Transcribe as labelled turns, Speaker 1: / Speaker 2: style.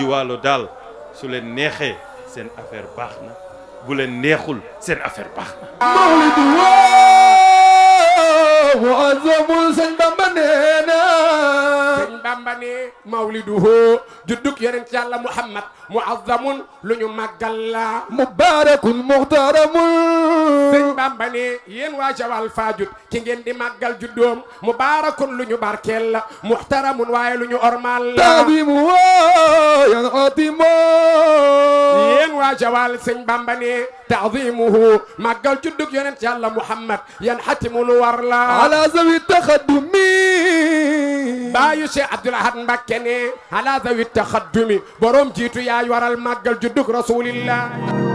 Speaker 1: jiwaalo daal su leen neexee seen affaire baax na bu leen neexul seen affaire baax na mawlidu
Speaker 2: woo azamul sëñ Bamba nee na Bamba ne mawlidu woo juddug yonent yàlla Muhammad mu azamun lu ñu màggal la mubarakun
Speaker 3: muxtaramul
Speaker 2: bamba ne yéen waa jawal faajut ci ngeen di màggal juddoom mubaarakun lu ñu barkeel la muxtaramun waaye lu ñu ormal la taabimu yan otimo yéen waa jawal sëñ bamba ne taadimuhu màggal juddug yonent yàlla muhammad yan xatimu lu war la ala zawi taxaddumi baayu cheikh abdul ahad mbakke ne ala zawi taxaddumi borom jiitu yaay waral màggal juddug rasulillah